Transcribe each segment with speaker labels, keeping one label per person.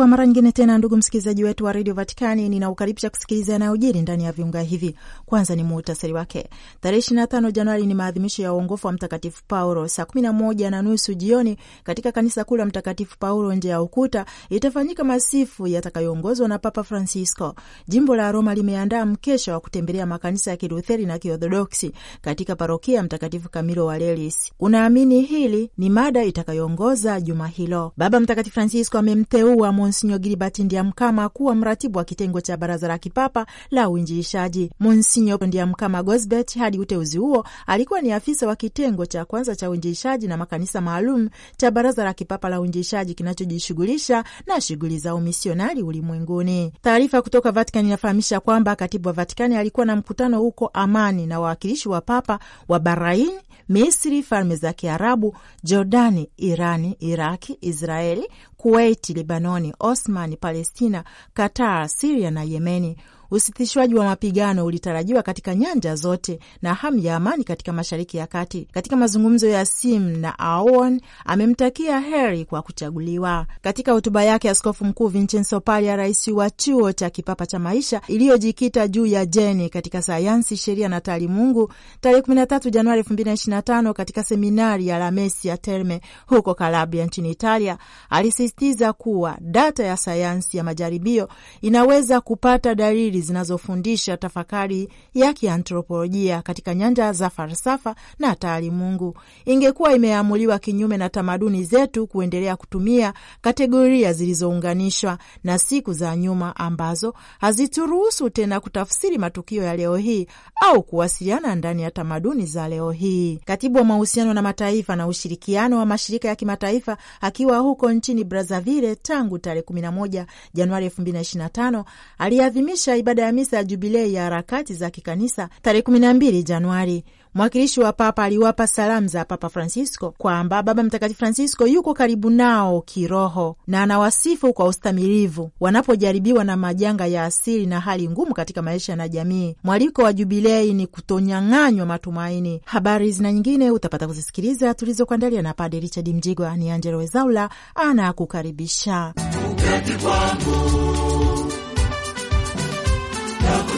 Speaker 1: Kwa mara nyingine tena, ndugu msikilizaji wetu wa redio Vatikani, ninaukaribisha kusikiliza yanayojiri ndani ya viunga hivi. Kwanza ni muhtasari wake. Tarehe 25 Januari ni maadhimisho ya uongofu wa Mtakatifu Paulo. Saa 11 na nusu jioni katika kanisa kuu la Mtakatifu Paulo nje ya ukuta itafanyika masifu yatakayoongozwa na Papa Francisco. Jimbo la Roma limeandaa mkesha wa kutembelea makanisa ya Kilutheri na Kiorthodoksi katika parokia ya Mtakatifu Kamilo wa Lelis. Unaamini hili ni mada itakayoongoza juma hilo. Baba Mtakatifu Francisco amemteua Monsinyo Gilibert Ndiamkama kuwa mratibu wa kitengo cha baraza la kipapa la uinjiishaji. Monsinyo Ndiamkama Gosbert hadi uteuzi huo alikuwa ni afisa wa kitengo cha kwanza cha uinjiishaji na makanisa maalum cha baraza la kipapa la uinjiishaji kinachojishughulisha na shughuli za umisionari ulimwenguni. Taarifa kutoka Vatikani inafahamisha kwamba katibu wa Vatikani alikuwa na mkutano huko Amani na wawakilishi wa papa wa Bahrain, Misri, Falme za Kiarabu, Jordani, Irani, Iraki, Israeli, Kuwaiti, Lebanoni, Osmani, Palestina, Qatar, Siria na Yemeni Usitishwaji wa mapigano ulitarajiwa katika nyanja zote na hamu ya amani katika Mashariki ya Kati. Katika mazungumzo ya simu na Aoun, amemtakia heri kwa kuchaguliwa. Katika hotuba yake, Askofu Mkuu Vincenzo Paglia, rais wa chuo cha kipapa cha maisha iliyojikita juu ya jeni katika sayansi, sheria na taalimungu, tarehe 13 Januari 2025 katika seminari ya La ya Terme huko Calabria nchini Italia, alisisitiza kuwa data ya sayansi ya majaribio inaweza kupata dalili mbalimbali zinazofundisha tafakari ya kiantropolojia katika nyanja za falsafa na taalimungu. Ingekuwa imeamuliwa kinyume na tamaduni zetu kuendelea kutumia kategoria zilizounganishwa na siku za nyuma ambazo hazituruhusu tena kutafsiri matukio ya leo hii au kuwasiliana ndani ya tamaduni za leo hii. Katibu wa mahusiano na mataifa na ushirikiano wa mashirika ya kimataifa akiwa huko nchini Brazzaville tangu tarehe 11 Januari 2025 aliadhimisha ibada ya misa ya jubilei ya harakati za kikanisa tarehe 12 Januari. Mwakilishi wa Papa aliwapa salamu za Papa Francisco kwamba Baba Mtakatifu Francisco yuko karibu nao kiroho na anawasifu kwa ustamilivu wanapojaribiwa na majanga ya asili na hali ngumu katika maisha na jamii. Mwaliko wa jubilei ni kutonyang'anywa matumaini. Habari zina nyingine utapata kuzisikiliza tulizokuandalia na Padre Richard Mjigwa. Ni Angelo Wezaula anakukaribisha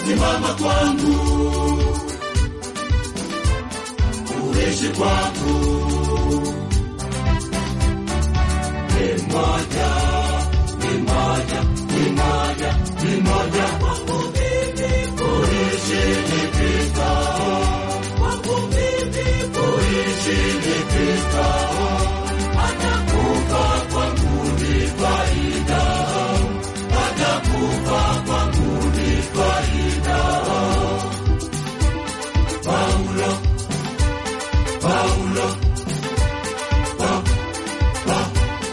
Speaker 2: kusimama kwangu kuishi kwangu ni moja ni moja ni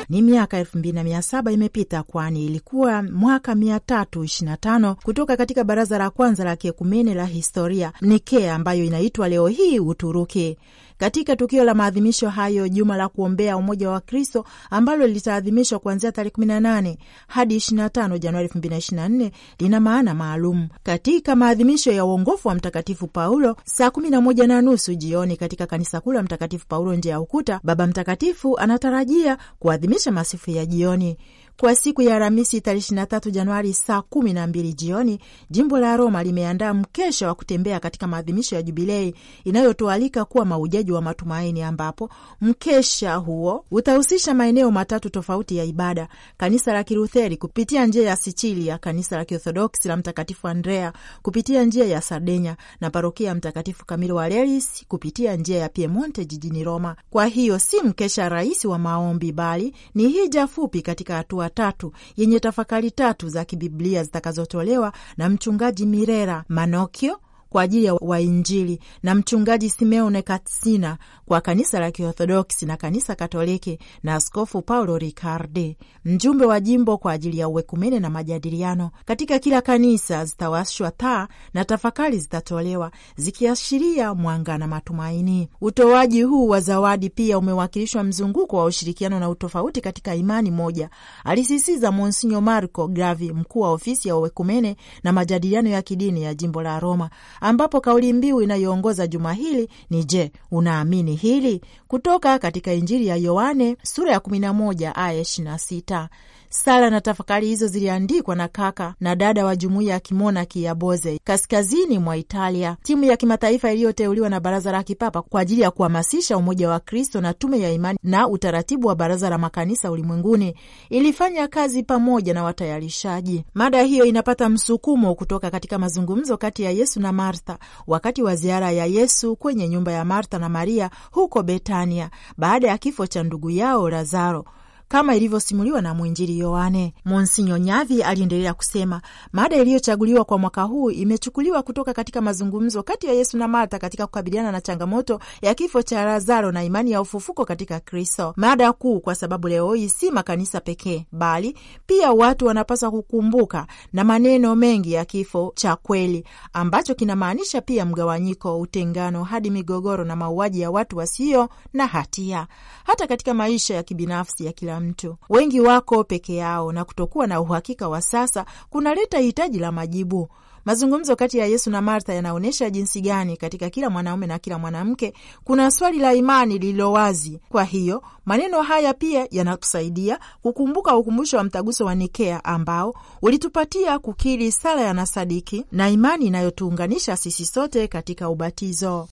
Speaker 1: Ni miaka elfu mbili na mia saba imepita, kwani ilikuwa mwaka mia tatu ishirini na tano kutoka katika baraza la kwanza la kiekumene la historia Nikea ambayo inaitwa leo hii Uturuki. Katika tukio la maadhimisho hayo, juma la kuombea umoja wa Kristo ambalo litaadhimishwa kuanzia tarehe 18 hadi 25 Januari 2024 lina maana maalum. Katika maadhimisho ya uongofu wa Mtakatifu Paulo saa 11 na nusu jioni katika kanisa kuu la Mtakatifu Paulo nje ya ukuta, Baba Mtakatifu anatarajia kuadhimisha masifu ya jioni kwa siku ya Alhamisi tarehe 23 Januari saa kumi na mbili jioni, jimbo la Roma limeandaa mkesha wa kutembea katika maadhimisho ya Jubilei inayotoalika kuwa maujaji wa matumaini, ambapo mkesha huo utahusisha maeneo matatu tofauti ya ibada: kanisa la Kilutheri kupitia njia ya Sicilia, kanisa la Kiorthodoksi la Mtakatifu Andrea kupitia njia ya Sardenya na parokia ya Mtakatifu Kamilo wa Lelis kupitia njia ya Piemonte jijini Roma. Kwa hiyo si mkesha rahisi wa maombi, bali ni hija fupi katika hatua tatu yenye tafakari tatu za kibiblia zitakazotolewa na mchungaji Mirera Manokio kwa ajili ya wainjili na mchungaji Simeone Katsina kwa kanisa la Kiorthodoksi na kanisa Katoliki na Askofu Paulo Ricardi, mjumbe wa jimbo kwa ajili ya uwekumene na majadiliano. Katika kila kanisa zitawashwa taa na tafakari zitatolewa zikiashiria mwanga na matumaini. Utoaji huu wa zawadi pia umewakilishwa mzunguko wa ushirikiano na utofauti katika imani moja, alisisitiza Monsinyo Marco Gravi, mkuu wa ofisi ya uwekumene na majadiliano ya kidini ya jimbo la Roma ambapo kauli mbiu inayoongoza juma hili ni Je, unaamini hili? kutoka katika Injili ya Yohane sura ya 11 aya 26. Sala na tafakari hizo ziliandikwa na kaka na dada wa jumuiya ya kimonaki ya Boze kaskazini mwa Italia, timu ya kimataifa iliyoteuliwa na Baraza la Kipapa kwa ajili ya kuhamasisha umoja wa Kristo na Tume ya Imani na Utaratibu wa Baraza la Makanisa Ulimwenguni ilifanya kazi pamoja na watayarishaji. Mada hiyo inapata msukumo kutoka katika mazungumzo kati ya Yesu na Mara. Martha wakati wa ziara ya Yesu kwenye nyumba ya Martha na Maria huko Betania baada ya kifo cha ndugu yao Lazaro kama ilivyosimuliwa na mwinjili Yohane. Monsinyo Nyavi aliendelea kusema, mada iliyochaguliwa kwa mwaka huu imechukuliwa kutoka katika mazungumzo kati ya Yesu na Marta katika kukabiliana na changamoto ya kifo cha Lazaro na imani ya ufufuko katika Kristo. Mada kuu, kwa sababu leo hii si makanisa pekee, bali pia watu wanapaswa kukumbuka na maneno mengi ya kifo cha kweli ambacho kinamaanisha pia mgawanyiko, utengano, hadi migogoro na mauaji ya watu wasio na hatia, hata katika maisha ya kibinafsi ya kila mtu. Wengi wako peke yao na kutokuwa na uhakika wa sasa kunaleta hitaji la majibu. Mazungumzo kati ya Yesu na Martha yanaonyesha jinsi gani katika kila mwanaume na kila mwanamke kuna swali la imani lililo wazi. Kwa hiyo maneno haya pia yanatusaidia kukumbuka ukumbusho wa mtaguso wa Nikea ambao ulitupatia kukiri sala ya nasadiki na imani inayotuunganisha sisi sote katika ubatizo.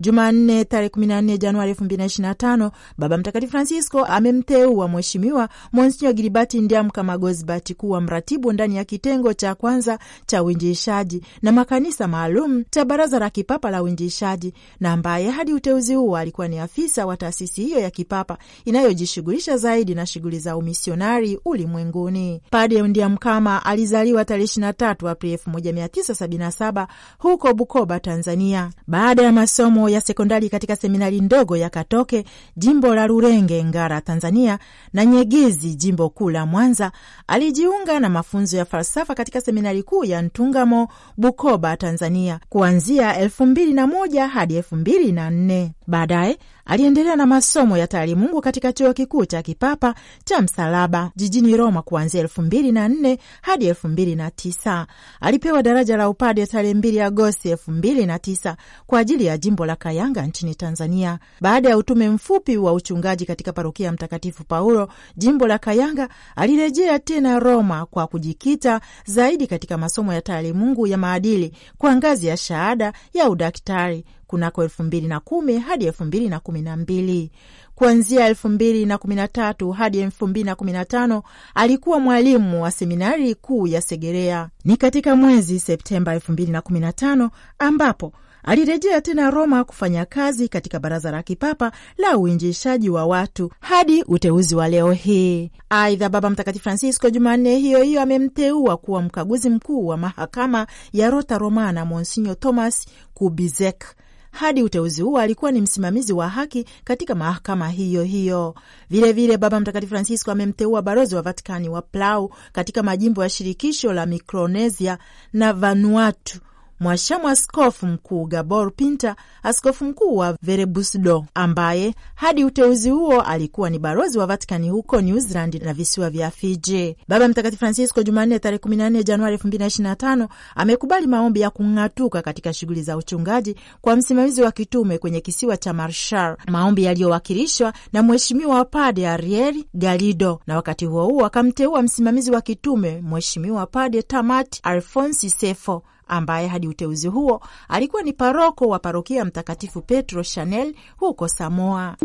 Speaker 1: Jumanne tarehe 14 Januari 2025 Baba Mtakatifu Francisco amemteua Mheshimiwa Monsinywa gilibati Ndiamkama Gozbert kuwa mratibu ndani ya kitengo cha kwanza cha uinjiishaji na makanisa maalum cha Baraza la Kipapa la Uinjiishaji, na ambaye hadi uteuzi huo alikuwa ni afisa wa taasisi hiyo ya kipapa inayojishughulisha zaidi na shughuli za umisionari ulimwenguni. Padre Ndiamkama alizaliwa tarehe 23 Aprili 1977 huko Bukoba, Tanzania. Baada ya masomo ya sekondari katika seminari ndogo ya Katoke, jimbo la Rurenge, Ngara, Tanzania, na nyegizi jimbo kuu la Mwanza. Alijiunga na mafunzo ya falsafa katika seminari kuu ya Ntungamo, Bukoba, Tanzania, kuanzia elfu mbili na moja hadi elfu mbili na nne. Baadaye Aliendelea na masomo ya taalimungu katika chuo kikuu cha kipapa cha Msalaba jijini Roma kuanzia elfu mbili na nne hadi elfu mbili na tisa. Alipewa daraja la upade tarehe mbili Agosti elfu mbili na tisa kwa ajili ya jimbo la Kayanga nchini Tanzania. Baada ya utume mfupi wa uchungaji katika parokia ya Mtakatifu Paulo jimbo la Kayanga, alirejea tena Roma kwa kujikita zaidi katika masomo ya taalimungu ya maadili kwa ngazi ya shahada ya udaktari kunako elfu mbili na kumi hadi elfu mbili na kumi na mbili. Kuanzia elfu mbili na kumi na tatu hadi elfu mbili na kumi na tano alikuwa mwalimu wa seminari kuu ya Segerea. Ni katika mwezi Septemba elfu mbili na kumi na tano ambapo alirejea tena Roma kufanya kazi katika baraza la kipapa la uinjishaji wa watu hadi uteuzi wa leo hii. Aidha, Baba Mtakatifu Francisco Jumanne hiyo hiyo amemteua kuwa mkaguzi mkuu wa mahakama ya Rota Romana Monsinyo Thomas Kubizek. Hadi uteuzi huo alikuwa ni msimamizi wa haki katika mahakama hiyo hiyo. Vilevile, Baba Mtakatifu Francisco amemteua balozi wa Vatikani wa Palau katika majimbo ya shirikisho la Mikronesia na Vanuatu Mwashamu askofu mkuu Gabor Pinta, askofu mkuu wa Verebusdo, ambaye hadi uteuzi huo alikuwa ni balozi wa Vatikani huko New Zealand na visiwa vya Fiji. Baba Mtakatifu Francisco Jumanne tarehe 14 Januari 2025 amekubali maombi ya kung'atuka katika shughuli za uchungaji kwa msimamizi wa kitume kwenye kisiwa cha Marshall, maombi yaliyowakilishwa na Mheshimiwa Pade Ariel Galido, na wakati huo huo akamteua msimamizi wa kitume Mheshimiwa Pade tamat Alfonsi Sefo ambaye hadi uteuzi huo alikuwa ni paroko wa parokia Mtakatifu Petro Chanel huko Samoa.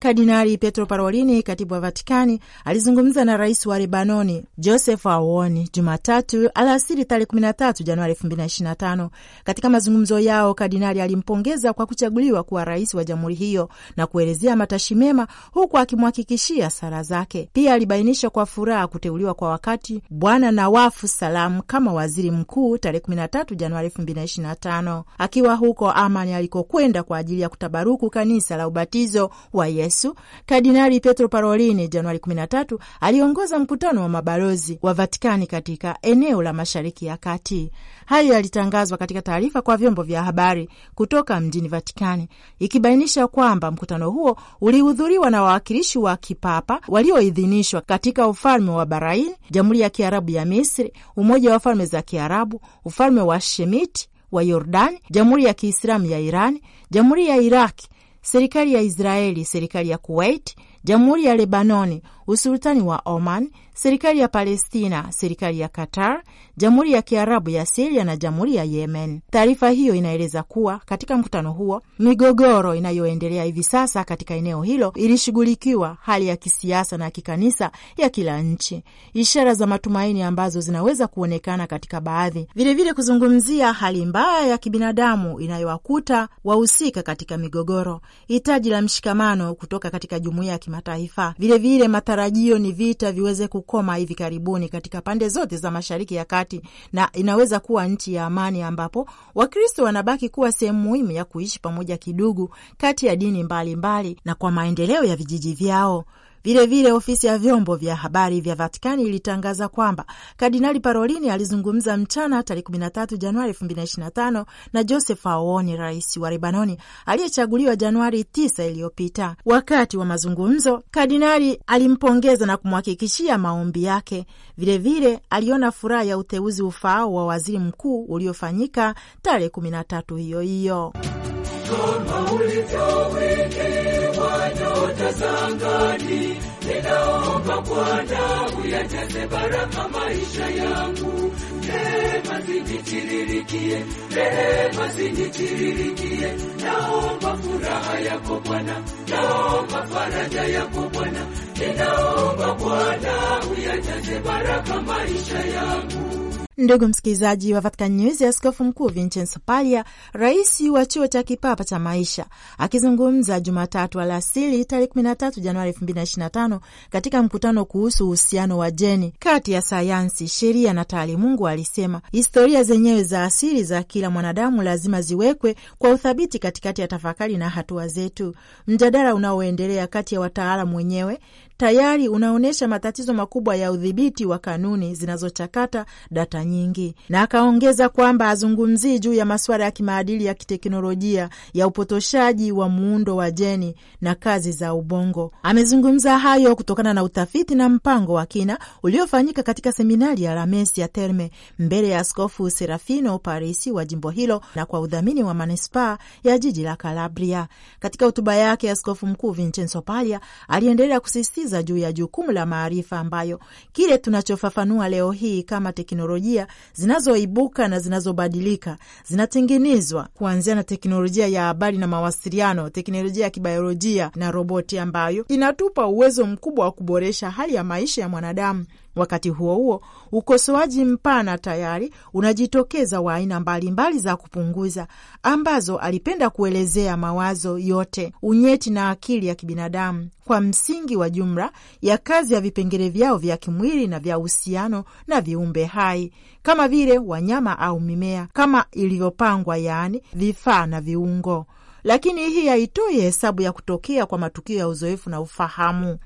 Speaker 1: Kardinali Pietro Parolini, katibu wa Vatikani, alizungumza na rais wa Lebanoni Joseph Aoun Jumatatu alasiri tarehe 13 Januari 2025. Katika mazungumzo yao, kardinali alimpongeza kwa kuchaguliwa kuwa rais wa jamhuri hiyo na kuelezea matashi mema, huku akimhakikishia sala zake. Pia alibainisha kwa furaha kuteuliwa kwa wakati Bwana Nawafu Salam kama waziri mkuu tarehe 13 Januari 2025, akiwa huko Amani alikokwenda kwa ajili ya kutabaruku kanisa la ubatizo wa Yesu Yesu, Kardinali Petro Parolini Januari 13 aliongoza mkutano wa mabalozi wa Vatikani katika eneo la Mashariki ya Kati. Hayo yalitangazwa katika taarifa kwa vyombo vya habari kutoka mjini Vatikani, ikibainisha kwamba mkutano huo ulihudhuriwa na wawakilishi wa kipapa walioidhinishwa katika ufalme wa Bahrain, Jamhuri ya Kiarabu ya Misri, Umoja wa Falme za Kiarabu, ufalme wa Shemiti wa Yordani, Jamhuri ya Kiislamu ya Irani, Jamhuri ya Iraki serikali ya Israeli, serikali ya Kuwait, jamhuri ya Lebanoni, usultani wa Oman, serikali ya Palestina, serikali ya Qatar, jamhuri ya kiarabu ya Siria na jamhuri ya Yemen. Taarifa hiyo inaeleza kuwa katika mkutano huo migogoro inayoendelea hivi sasa katika eneo hilo ilishughulikiwa, hali ya kisiasa na kikanisa ya kila nchi, ishara za matumaini ambazo zinaweza kuonekana katika baadhi, vilevile kuzungumzia hali mbaya ya kibinadamu inayowakuta wahusika katika migogoro, hitaji la mshikamano kutoka katika jumuiya ya kimataifa, vilevile matarajio ni vita viweze kukoma hivi karibuni katika pande zote za Mashariki ya Kati kati na inaweza kuwa nchi ya amani ambapo Wakristo wanabaki kuwa sehemu muhimu ya kuishi pamoja kidugu kati ya dini mbalimbali mbali, na kwa maendeleo ya vijiji vyao. Vilevile, ofisi ya vyombo vya habari vya Vatikani ilitangaza kwamba Kardinali Parolini alizungumza mchana tarehe 13 Januari 2025 na Joseph Aoun, rais wa Lebanoni aliyechaguliwa Januari 9 iliyopita. Wakati wa mazungumzo, kardinali alimpongeza na kumhakikishia maombi yake. Vilevile aliona furaha ya uteuzi ufaao wa waziri mkuu uliofanyika tarehe 13 hiyo hiyo
Speaker 2: kama wa nyota zangani angani, ninaomba Bwana uyajaze baraka maisha yangu. Rehema zinitiririkie, rehema zinitiririkie. Naomba furaha yako Bwana, naomba faraja yako Bwana, ninaomba Bwana uyajaze baraka maisha yangu.
Speaker 1: Ndugu msikilizaji wa Vatican News, Askofu Mkuu Vincenzo Paglia, rais wa chuo cha kipapa cha maisha, akizungumza Jumatatu alasiri tarehe 13 Januari 2025 katika mkutano kuhusu uhusiano wa jeni kati ya sayansi, sheria na taalimungu, alisema historia zenyewe za asili za kila mwanadamu lazima ziwekwe kwa uthabiti katikati ya tafakari na hatua zetu. Mjadala unaoendelea kati ya wataalamu wenyewe tayari unaonyesha matatizo makubwa ya udhibiti wa kanuni zinazochakata data nyingi, na akaongeza kwamba azungumzii juu ya masuala ya kimaadili ya kiteknolojia ya upotoshaji wa muundo wa jeni na kazi za ubongo. Amezungumza hayo kutokana na utafiti na mpango wa kina uliofanyika katika seminari ya rames ya Terme mbele ya Askofu Serafino Parisi wa jimbo hilo na kwa udhamini wa manispaa ya jiji la Calabria. Katika hotuba yake, Askofu Mkuu Vincenzo Palia aliendelea kusisitiza kusisitiza juu ya jukumu la maarifa ambayo kile tunachofafanua leo hii kama teknolojia zinazoibuka na zinazobadilika zinatengenezwa kuanzia na teknolojia ya habari na mawasiliano, teknolojia ya kibayolojia na roboti ambayo inatupa uwezo mkubwa wa kuboresha hali ya maisha ya mwanadamu Wakati huo huo, ukosoaji mpana tayari unajitokeza wa aina mbalimbali za kupunguza ambazo alipenda kuelezea mawazo yote, unyeti na akili ya kibinadamu kwa msingi wa jumla ya kazi ya vipengele vyao vya kimwili na vya uhusiano na viumbe hai kama vile wanyama au mimea kama ilivyopangwa, yaani vifaa na viungo. Lakini hii haitoi hesabu ya kutokea kwa matukio ya uzoefu na ufahamu.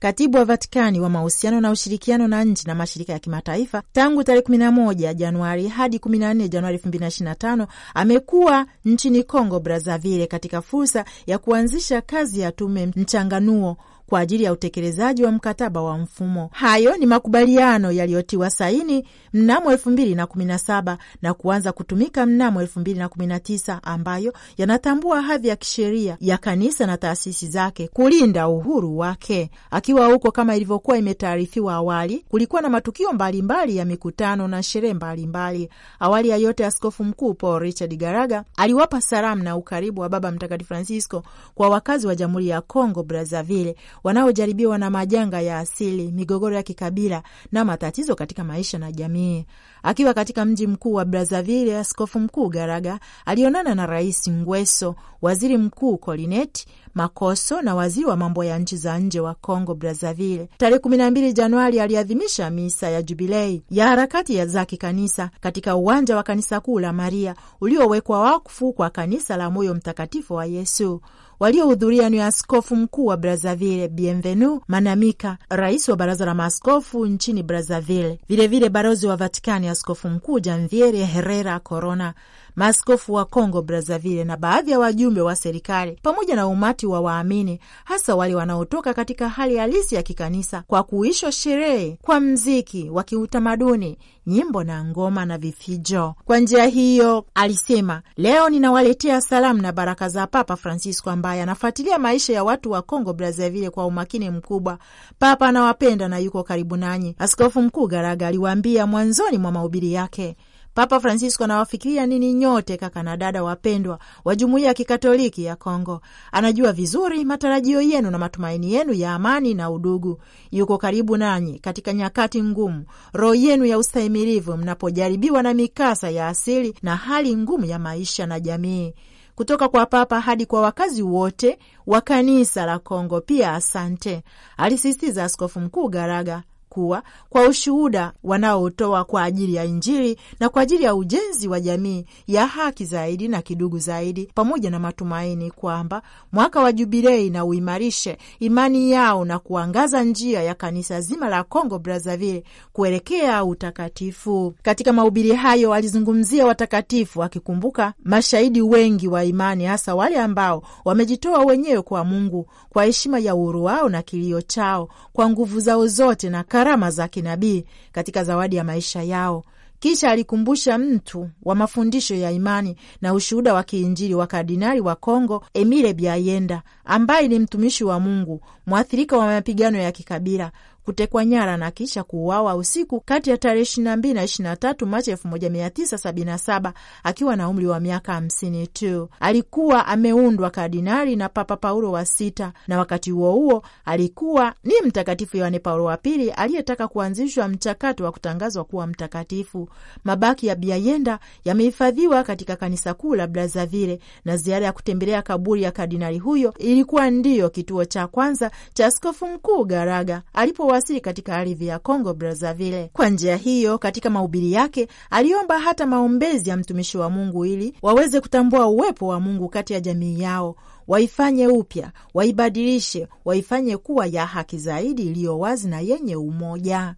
Speaker 1: Katibu wa Vatikani wa mahusiano na ushirikiano na nchi na mashirika ya kimataifa tangu tarehe 11 Januari hadi 14 Januari 2025 amekuwa nchini Congo Brazzaville katika fursa ya kuanzisha kazi ya tume mchanganuo kwa ajili ya utekelezaji wa mkataba wa mfumo. Hayo ni makubaliano yaliyotiwa saini mnamo elfu mbili na kumi na saba na kuanza kutumika mnamo elfu mbili na kumi na tisa ambayo yanatambua hadhi ya kisheria ya kanisa na taasisi zake kulinda uhuru wake. Akiwa huko, kama ilivyokuwa imetaarifiwa awali, kulikuwa na matukio mbalimbali mbali ya mikutano na sherehe mbalimbali. Awali ya yote, Askofu Mkuu Paul Richard Garaga aliwapa salamu na ukaribu wa Baba Mtakatifu Francisco kwa wakazi wa Jamhuri ya Congo Brazzaville wanaojaribiwa na majanga ya asili, migogoro ya kikabila na matatizo katika maisha na jamii. Akiwa katika mji mkuu wa Brazzaville, askofu mkuu Garaga alionana na Rais Ngweso, waziri mkuu Kolineti Makoso na waziri wa mambo ya nchi za nje wa Congo Brazzaville. Tarehe 12 Januari aliadhimisha misa ya jubilei ya harakati za kikanisa katika uwanja wa kanisa kuu la Maria uliowekwa wakfu kwa kanisa la Moyo Mtakatifu wa Yesu. Waliohudhuria ni askofu mkuu wa Brazzaville Bienvenu Manamika, rais wa baraza la maaskofu nchini Brazzaville, vilevile balozi wa Vatikani askofu mkuu Janvieri Herrera Corona maaskofu wa congo Brazzaville na baadhi ya wajumbe wa serikali pamoja na umati wa waamini, hasa wale wanaotoka katika hali halisi ya kikanisa, kwa kuisho sherehe kwa mziki wa kiutamaduni, nyimbo na ngoma na vifijo. Kwa njia hiyo, alisema leo ninawaletea salamu na baraka za Papa Francisco ambaye anafuatilia maisha ya watu wa Kongo Brazzaville kwa umakini mkubwa. Papa anawapenda na yuko karibu nanyi, askofu mkuu Garaga aliwaambia mwanzoni mwa mahubiri yake. Papa Francisco anawafikiria nini nyote, kaka na dada wapendwa wa jumuiya ya kikatoliki ya Kongo. Anajua vizuri matarajio yenu na matumaini yenu ya amani na udugu. Yuko karibu nanyi katika nyakati ngumu, roho yenu ya ustahimilivu mnapojaribiwa na mikasa ya asili na hali ngumu ya maisha na jamii. Kutoka kwa Papa hadi kwa wakazi wote wa kanisa la Kongo pia asante, alisisitiza Askofu Mkuu Garaga kuwa kwa ushuhuda wanaotoa kwa ajili ya Injili na kwa ajili ya ujenzi wa jamii ya haki zaidi na kidugu zaidi, pamoja na matumaini kwamba mwaka wa Jubilei na uimarishe imani yao na kuangaza njia ya kanisa zima la congo Brazzaville kuelekea utakatifu. Katika mahubiri hayo alizungumzia watakatifu, akikumbuka mashahidi wengi wa imani, hasa wale ambao wamejitoa wenyewe kwa Mungu kwa heshima ya uhuru wao na kilio chao kwa nguvu zao zote na karama za kinabii katika zawadi ya maisha yao. Kisha alikumbusha mtu wa mafundisho ya imani na ushuhuda wa kiinjili wa kardinali wa Kongo Emile Biayenda, ambaye ni mtumishi wa Mungu, mwathirika wa mapigano ya kikabila, kutekwa nyara na kisha kuuawa usiku kati ya tarehe 22 na 23 Machi 1977 akiwa na umri wa miaka 52. Alikuwa ameundwa kardinali na Papa Paulo wa Sita, na wakati huo huo alikuwa ni Mtakatifu Yohane Paulo wa Pili aliyetaka kuanzishwa mchakato wa kutangazwa kuwa mtakatifu. Mabaki ya Biayenda yamehifadhiwa katika kanisa kuu la Brazzaville, na ziara ya kutembelea kaburi ya kardinali huyo ilikuwa ndiyo kituo cha kwanza cha askofu mkuu Garaga alipo kuwasili katika ardhi ya congo Brazzaville. Kwa njia hiyo, katika mahubiri yake aliomba hata maombezi ya mtumishi wa Mungu ili waweze kutambua uwepo wa Mungu kati ya jamii yao waifanye upya, waibadilishe, waifanye kuwa ya haki zaidi, iliyo wazi na yenye umoja.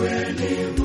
Speaker 1: Wewe ni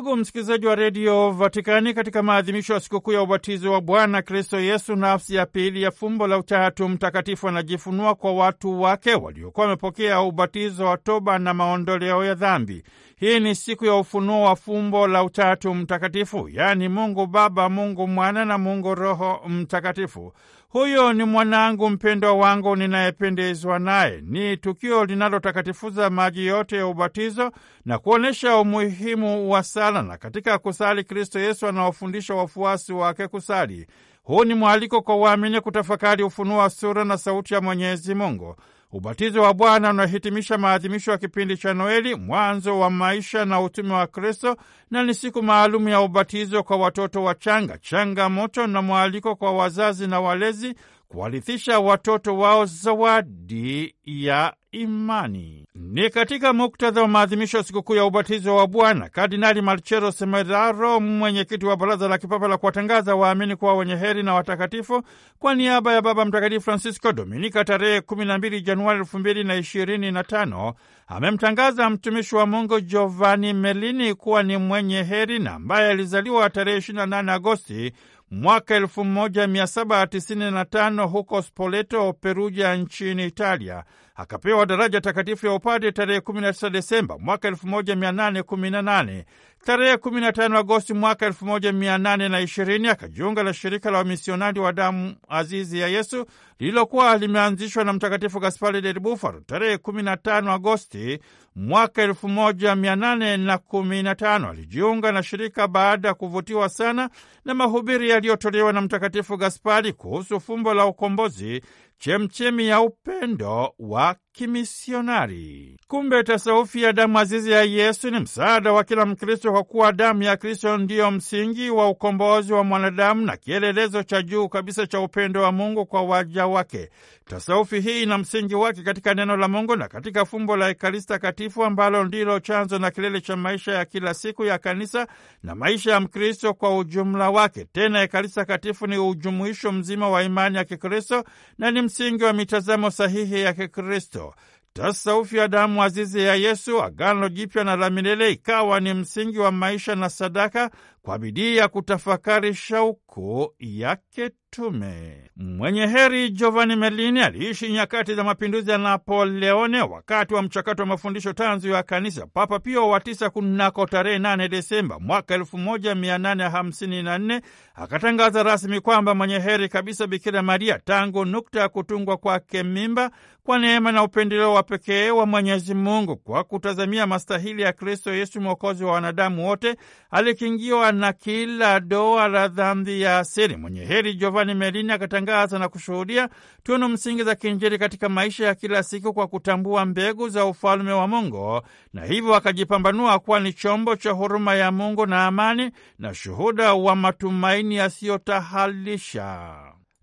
Speaker 3: Ndugu msikilizaji wa redio Vatikani, katika maadhimisho ya sikukuu ya ubatizo wa Bwana Kristo Yesu, nafsi ya pili ya fumbo la Utatu Mtakatifu anajifunua kwa watu wake waliokuwa wamepokea ubatizo wa toba na maondoleo ya dhambi. Hii ni siku ya ufunuo wa fumbo la Utatu Mtakatifu, yaani Mungu Baba, Mungu Mwana na Mungu Roho Mtakatifu. Huyu ni mwanangu mpendwa wangu ninayependezwa naye. Ni tukio linalotakatifuza maji yote ya ubatizo na kuonyesha umuhimu wa sala, na katika kusali Kristo Yesu anaofundisha wafuasi wake kusali. Huu ni mwaliko kwa waamini kutafakari ufunuo wa sura na sauti ya Mwenyezi Mungu. Ubatizo wa Bwana unahitimisha maadhimisho ya kipindi cha Noeli, mwanzo wa maisha na utume wa Kristo, na ni siku maalumu ya ubatizo kwa watoto wachanga. Changamoto na mwaliko kwa wazazi na walezi kuwarithisha watoto wao zawadi ya imani. Ni katika muktadha wa maadhimisho ya sikukuu ya ubatizo wa Bwana, Kardinali Marchero Semeraro, mwenyekiti wa Baraza la Kipapa la kuwatangaza waamini kuwa wenye heri na watakatifu, kwa niaba ya Baba Mtakatifu Francisco, Dominika tarehe 12 Januari 2025 amemtangaza mtumishi wa Mungu Giovanni Melini kuwa ni mwenye heri na ambaye alizaliwa tarehe 28 Agosti mwaka 1795 huko Spoleto, Perugia nchini Italia akapewa daraja takatifu ya upade tarehe 19 Desemba mwaka 1818. Tarehe 15 Agosti mwaka 1820 akajiunga na shirika la wamisionari wa damu azizi ya Yesu lililokuwa limeanzishwa na Mtakatifu Gaspari del Bufalo tarehe 15 Agosti mwaka 1815. Alijiunga na shirika baada ya kuvutiwa sana na mahubiri yaliyotolewa na Mtakatifu Gaspari kuhusu fumbo la ukombozi chemchemi ya upendo wa kimisionari. Kumbe tasaufi ya damu azizi ya Yesu ni msaada wa kila Mkristo, kwa kuwa damu ya Kristo ndiyo msingi wa ukombozi wa mwanadamu na kielelezo cha juu kabisa cha upendo wa Mungu kwa waja wake. Tasaufi hii ina msingi wake katika neno la Mungu na katika fumbo la Ekaristi Takatifu, ambalo ndilo chanzo na kilele cha maisha ya kila siku ya kanisa na maisha ya Mkristo kwa ujumla wake. Tena Ekaristi Takatifu ni ujumuisho mzima wa imani ya Kikristo na ni msingi wa mitazamo sahihi ya Kikristo. Tasaufi ya damu azizi ya Yesu, Agano Jipya na la milele, ikawa ni msingi wa maisha na sadaka, kwa bidii ya kutafakari shauku yake mitume. Mwenye heri Giovanni Merlini aliishi nyakati za mapinduzi ya Napoleone wakati wa mchakato wa mafundisho tanzu ya kanisa. Papa Pio wa tisa kunako tarehe 8 Desemba mwaka 1854 akatangaza rasmi kwamba mwenye heri kabisa Bikira Maria tangu nukta ya kutungwa kwake mimba kwa neema na upendeleo wa pekee wa Mwenyezi Mungu kwa kutazamia mastahili ya Kristo Yesu mwokozi wa wanadamu wote alikingiwa na kila doa la dhambi ya asili. Mwenye heri Giovanni Giovanni Melini akatangaza na kushuhudia tunu msingi za kiinjili katika maisha ya kila siku kwa kutambua mbegu za ufalme wa Mungu, na hivyo akajipambanua kuwa ni chombo cha huruma ya Mungu na amani na shuhuda wa matumaini yasiyotahalisha.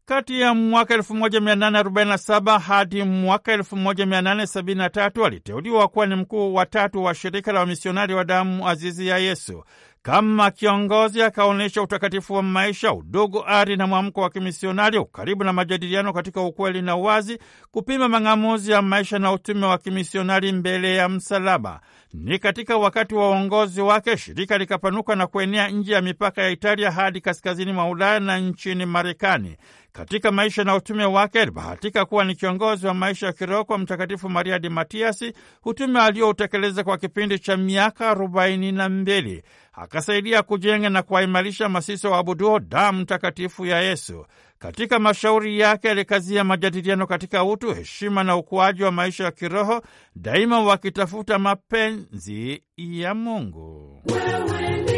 Speaker 3: Kati ya mwaka 1847 hadi mwaka 1873 aliteuliwa kuwa ni mkuu wa tatu wa shirika la wamisionari wa damu azizi ya Yesu. Kama kiongozi akaonyesha utakatifu wa maisha, udugu, ari na mwamko wa kimisionari, ukaribu na majadiliano katika ukweli na wazi, kupima mang'amuzi ya maisha na utume wa kimisionari mbele ya msalaba. Ni katika wakati wa uongozi wake shirika likapanuka na kuenea nje ya mipaka ya Italia hadi kaskazini mwa Ulaya na nchini Marekani. Katika maisha na utume wake alibahatika kuwa ni kiongozi wa maisha ya kiroho kwa Mtakatifu Maria Matiasi, utume alioutekeleza kwa kipindi cha miaka arobaini na mbili akasaidia kujenga na kuwaimarisha masiso waabuduo damu takatifu ya Yesu. Katika mashauri yake alikazia majadiliano katika utu, heshima na ukuaji wa maisha ya kiroho, daima wakitafuta mapenzi ya Mungu.
Speaker 2: Wewe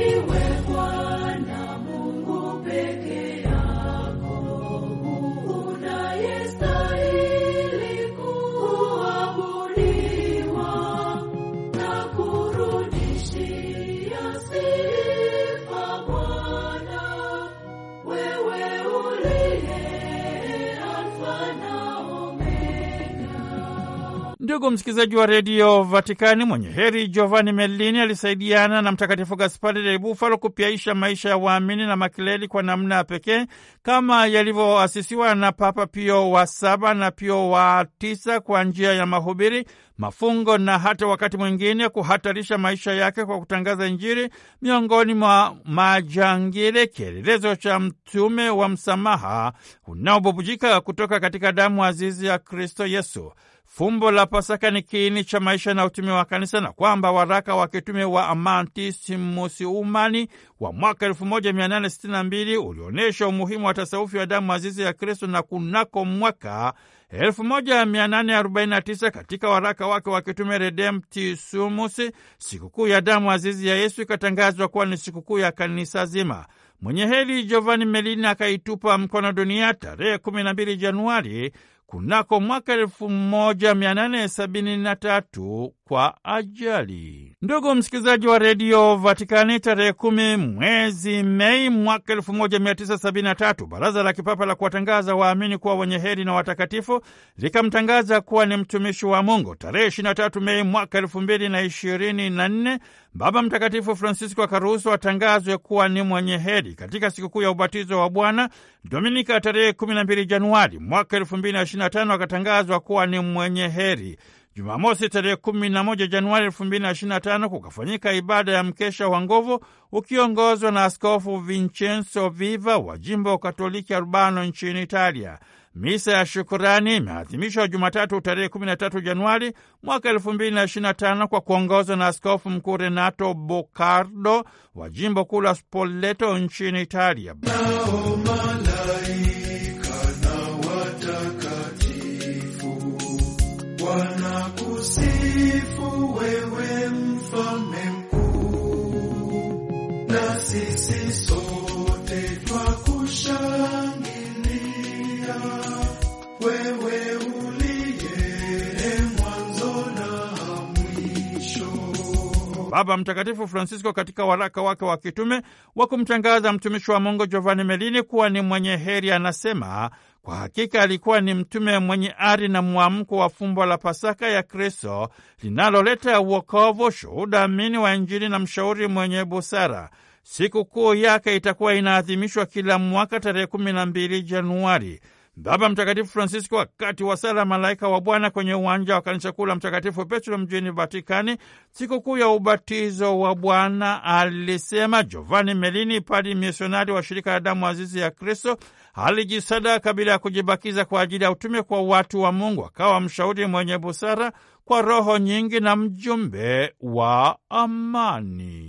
Speaker 3: Ndugu msikilizaji wa redio Vatikani, mwenye heri Giovanni Mellini alisaidiana na Mtakatifu Gaspari del Bufalo kupyaisha maisha ya waamini na makileli kwa namna ya pekee kama yalivyoasisiwa na Papa Pio wa saba na Pio wa tisa kwa njia ya mahubiri, mafungo na hata wakati mwingine kuhatarisha maisha yake kwa kutangaza Injili miongoni mwa majangili, kielelezo cha mtume wa msamaha unaobubujika kutoka katika damu azizi ya Kristo Yesu. Fumbo la Pasaka ni kiini cha maisha na utumi wa Kanisa, na kwamba waraka wa kitume wa Amantismus Humani wa mwaka 1862 ulionyesha umuhimu wa tasawufi wa damu azizi ya kristu na kunako mwaka 1849 katika waraka wake wa kitume Redemptisumus, sikukuu ya damu azizi ya Yesu ikatangazwa kuwa ni sikukuu ya kanisa zima. Mwenye heri Giovanni Melini akaitupa mkono dunia tarehe 12 Januari kunako mwaka elfu moja mia nane sabini na tatu kwa ajali. Ndugu msikilizaji wa redio Vatikani, tarehe kumi mwezi Mei mwaka elfu moja mia tisa sabini na tatu baraza la kipapa la kuwatangaza waamini kuwa wenye heri na watakatifu likamtangaza kuwa ni mtumishi wa Mungu. Tarehe ishirini na tatu Mei mwaka elfu mbili na ishirini na nne Baba Mtakatifu Francisco akaruhusu atangazwe kuwa ni mwenye heri katika sikukuu ya ubatizo wa Bwana, Dominika tarehe kumi na mbili Januari mwaka elfu mbili na 25 akatangazwa kuwa ni mwenye heri. Jumamosi tarehe 11 Januari 2025 kukafanyika ibada ya mkesha wa nguvu ukiongozwa na Askofu Vincenzo Viva wa jimbo Katoliki Urbano nchini Italia. Misa ya shukurani imeadhimishwa Jumatatu tarehe 13 Januari mwaka 2025 kwa kuongozwa na askofu mkuu Renato Bocardo wa jimbo kuu la Spoleto nchini Italia.
Speaker 2: Wanakusifu wewe mfalme mkuu, na sisi sote twakushangilia wewe uliye mwanzo na mwisho.
Speaker 3: Baba Mtakatifu Francisco katika waraka wake wa kitume wa kumtangaza mtumishi wa Mungu Giovanni Melini kuwa ni mwenye heri anasema: kwa hakika alikuwa ni mtume mwenye ari na mwamko wa fumbo la Pasaka ya Kristo linaloleta uokovu, shuhuda amini wa Injili na mshauri mwenye busara. Sikukuu yake itakuwa inaadhimishwa kila mwaka tarehe 12 Januari. Baba Mtakatifu Francisco wakati wa sala malaika wa Bwana kwenye uwanja wa kanisa kuu la Mtakatifu Petro mjini Vatikani sikukuu ya ubatizo wa Bwana alisema Giovanni Melini, padi misionari wa shirika la damu azizi ya Kristo, alijisadaka bila ya kujibakiza kwa ajili ya utume kwa watu wa Mungu, akawa mshauri mwenye busara kwa roho nyingi na mjumbe wa amani.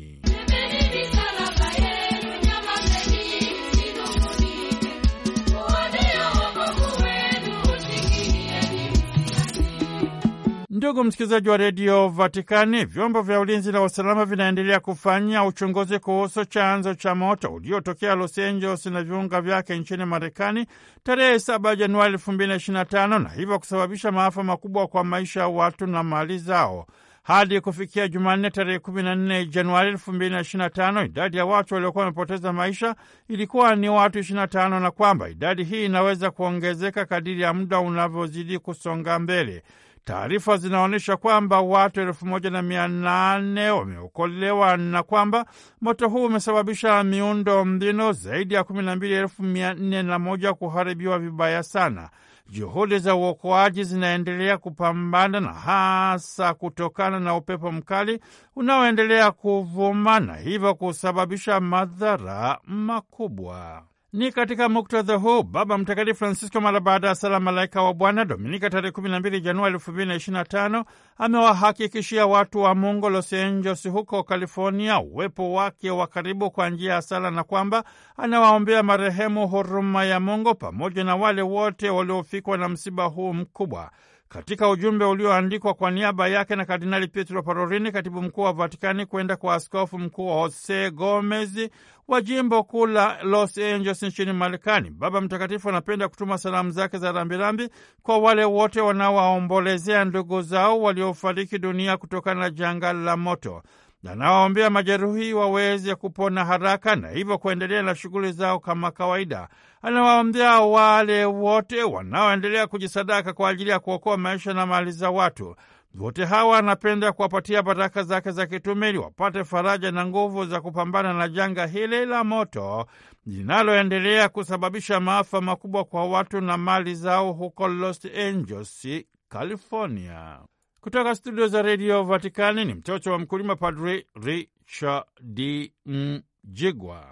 Speaker 3: Ndugu msikilizaji wa redio Vatikani, vyombo vya ulinzi na usalama vinaendelea kufanya uchunguzi kuhusu chanzo cha moto uliotokea Los Angeles na viunga vyake nchini Marekani tarehe 7 Januari 2025 na hivyo kusababisha maafa makubwa kwa maisha ya watu na mali zao. Hadi kufikia Jumanne tarehe 14 Januari 2025 idadi ya watu waliokuwa wamepoteza maisha ilikuwa ni watu 25 na kwamba idadi hii inaweza kuongezeka kadiri ya muda unavyozidi kusonga mbele. Taarifa zinaonyesha kwamba watu elfu moja na mia nane wameokolewa na kwamba moto huu umesababisha miundo mbinu zaidi ya kumi na mbili elfu mia nne na moja kuharibiwa vibaya sana. Juhudi za uokoaji zinaendelea kupambana na hasa kutokana na upepo mkali unaoendelea kuvuma na hivyo kusababisha madhara makubwa. Ni katika muktadha huu Baba Mtakatifu Francisco, mara baada ya sala Malaika wa Bwana Dominika tarehe 12 Januari 2025, amewahakikishia watu wa Mungu Los Angeles huko California uwepo wake wa karibu kwa njia ya sala na kwamba anawaombea marehemu huruma ya Mungu pamoja na wale wote waliofikwa na msiba huu mkubwa. Katika ujumbe ulioandikwa kwa niaba yake na Kardinali Pietro Parolin, katibu mkuu wa Vatikani, kwenda kwa askofu mkuu wa Jose Gomez wa jimbo kuu la Los Angeles nchini Marekani. Baba Mtakatifu anapenda kutuma salamu zake za rambirambi kwa wale wote wanaowaombolezea ndugu zao waliofariki dunia kutokana na janga la moto. Anawaombea majeruhi waweze kupona haraka na hivyo kuendelea na shughuli zao kama kawaida. Anawaombea wale wote wanaoendelea kujisadaka kwa ajili ya kuokoa maisha na mali za watu. Wote hawa anapenda kuwapatia baraka zake za kitume ili wapate faraja na nguvu za kupambana na janga hili la moto linaloendelea kusababisha maafa makubwa kwa watu na mali zao huko Los Angeles, California. Kutoka studio za redio Vatikani ni mtoto wa mkulima Padri Richard Mjigwa.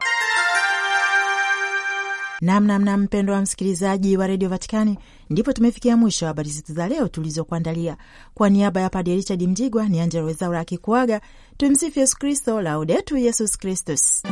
Speaker 1: Namnamna mpendo wa msikilizaji wa redio Vatikani Ndipo tumefikia mwisho wa habari zetu za leo tulizokuandalia. Kwa, kwa niaba ya Padre Richard Mjigwa ni Angella Rwezaura akikuaga. Tumsifu Yesu Kristo, laudetu Yesus Kristus.